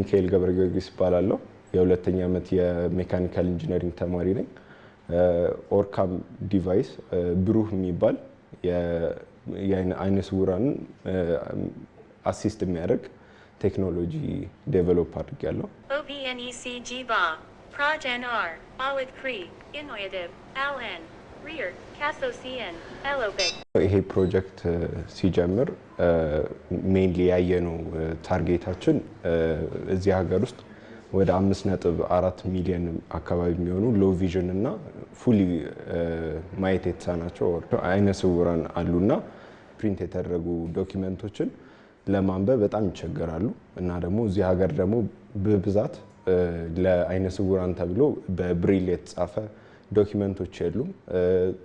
ሚካኤል ገብረ ጊዮርጊስ ይባላለሁ። የሁለተኛ ዓመት የሜካኒካል ኢንጂነሪንግ ተማሪ ነኝ። ኦርካም ዲቫይስ ብሩህ የሚባል የአይነ ስውራንን አሲስት የሚያደርግ ቴክኖሎጂ ዴቨሎፕ አድርጊያለሁ። ኦቢኤንኢሲጂ ባ አር አልን ይሄ ፕሮጀክት uh, ሲጀምር ሜይንሊ uh, ያየነው uh, ታርጌታችን እዚህ ሀገር ውስጥ ወደ አምስት ነጥብ አራት ሚሊዮን አካባቢ የሚሆኑ ሎ ቪዥን እና ፉሊ ማየት የተሳናቸው አይነ ስውራን አሉና ፕሪንት የተደረጉ ዶኪመንቶችን ለማንበብ በጣም ይቸገራሉ እና ደግሞ እዚህ ሀገር ደግሞ በብዛት ለአይነ ስውራን ተብሎ በብሪል የተጻፈ ዶኪመንቶች የሉም፣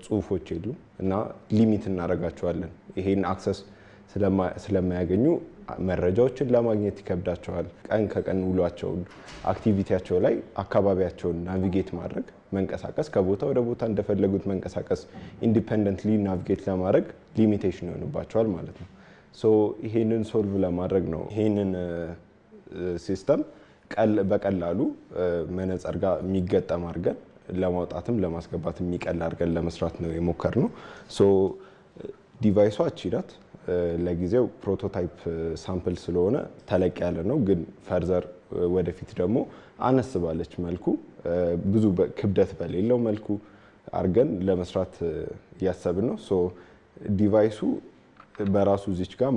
ጽሁፎች የሉም እና ሊሚት እናደርጋቸዋለን። ይሄን አክሰስ ስለማያገኙ መረጃዎችን ለማግኘት ይከብዳቸዋል። ቀን ከቀን ውሏቸውን፣ አክቲቪቲያቸው ላይ አካባቢያቸውን ናቪጌት ማድረግ መንቀሳቀስ ከቦታ ወደ ቦታ እንደፈለጉት መንቀሳቀስ ኢንዲፐንደንትሊ ናቪጌት ለማድረግ ሊሚቴሽን ይሆንባቸዋል ማለት ነው። ሶ ይሄንን ሶልቭ ለማድረግ ነው ይሄንን ሲስተም በቀላሉ መነጽር ጋር የሚገጠም አድርገን ለማውጣትም ለማስገባት የሚቀል አድርገን ለመስራት ነው የሞከር ነው። ሶ ዲቫይሷ እቺ ለጊዜው ፕሮቶታይፕ ሳምፕል ስለሆነ ተለቅ ያለ ነው፣ ግን ፈርዘር ወደፊት ደግሞ አነስ ባለች መልኩ ብዙ ክብደት በሌለው መልኩ አድርገን ለመስራት እያሰብን ነው። ሶ ዲቫይሱ በራሱ ዚች ጋር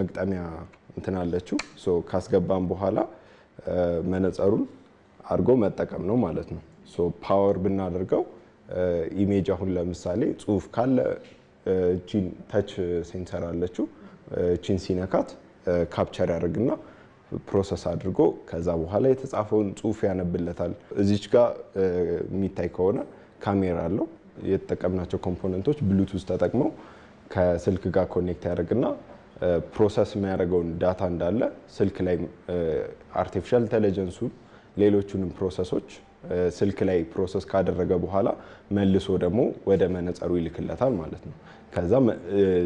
መግጠሚያ እንትናለችው ካስገባን በኋላ መነጸሩን አድርጎ መጠቀም ነው ማለት ነው። ሶ ፓወር ብናደርገው ኢሜጅ አሁን ለምሳሌ ጽሁፍ ካለ እቺን ተች ሴንሰር አለችው እቺን ሲነካት ካፕቸር ያደርግና ፕሮሰስ አድርጎ ከዛ በኋላ የተጻፈውን ጽሁፍ ያነብለታል። እዚች ጋር የሚታይ ከሆነ ካሜራ አለው። የተጠቀምናቸው ኮምፖነንቶች ብሉቱዝ ተጠቅመው ከስልክ ጋር ኮኔክት ያደርግና ፕሮሰስ የሚያደርገውን ዳታ እንዳለ ስልክ ላይ አርቲፊሻል ኢንቴሊጀንሱን ሌሎቹንም ፕሮሰሶች ስልክ ላይ ፕሮሰስ ካደረገ በኋላ መልሶ ደግሞ ወደ መነጽሩ ይልክለታል ማለት ነው። ከዛ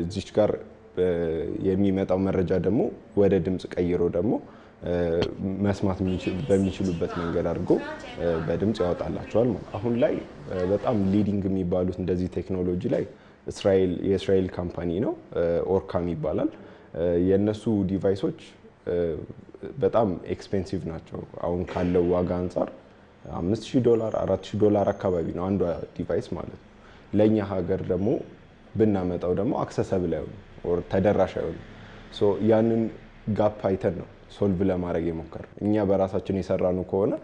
እዚች ጋር የሚመጣው መረጃ ደግሞ ወደ ድምፅ ቀይሮ ደግሞ መስማት በሚችሉበት መንገድ አድርጎ በድምፅ ያወጣላቸዋል። አሁን ላይ በጣም ሊዲንግ የሚባሉት እንደዚህ ቴክኖሎጂ ላይ የእስራኤል ካምፓኒ ነው፣ ኦርካም ይባላል። የእነሱ ዲቫይሶች በጣም ኤክስፔንሲቭ ናቸው። አሁን ካለው ዋጋ አንጻር አምስት ዶላር አራት ሺህ ዶላር አካባቢ ነው አንዷ ዲቫይስ ማለት ነው። ለእኛ ሀገር ደግሞ ብናመጣው ደግሞ አክሰሰብል አይሆንም ተደራሽ አይሆንም። ያንን ጋፕ አይተን ነው ሶልቭ ለማድረግ የሞከር እኛ በራሳችን የሰራነው ከሆነ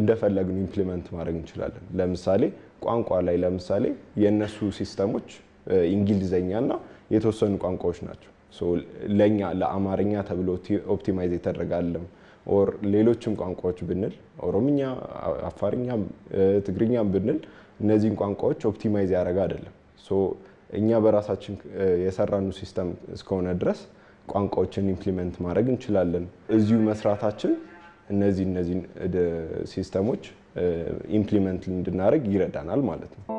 እንደፈለግን ኢምፕሊመንት ማድረግ እንችላለን። ለምሳሌ ቋንቋ ላይ ለምሳሌ የእነሱ ሲስተሞች እንግሊዘኛና የተወሰኑ ቋንቋዎች ናቸው። ለእኛ ለአማርኛ ተብሎ ኦፕቲማይዝ የተደረጋለም ኦር ሌሎችም ቋንቋዎች ብንል ኦሮምኛ፣ አፋርኛ ትግርኛም ብንል እነዚህን ቋንቋዎች ኦፕቲማይዝ ያደረገ አይደለም። እኛ በራሳችን የሰራኑ ሲስተም እስከሆነ ድረስ ቋንቋዎችን ኢምፕሊመንት ማድረግ እንችላለን። እዚሁ መስራታችን እነዚህ እነዚህን ሲስተሞች ኢምፕሊመንት እንድናደርግ ይረዳናል ማለት ነው።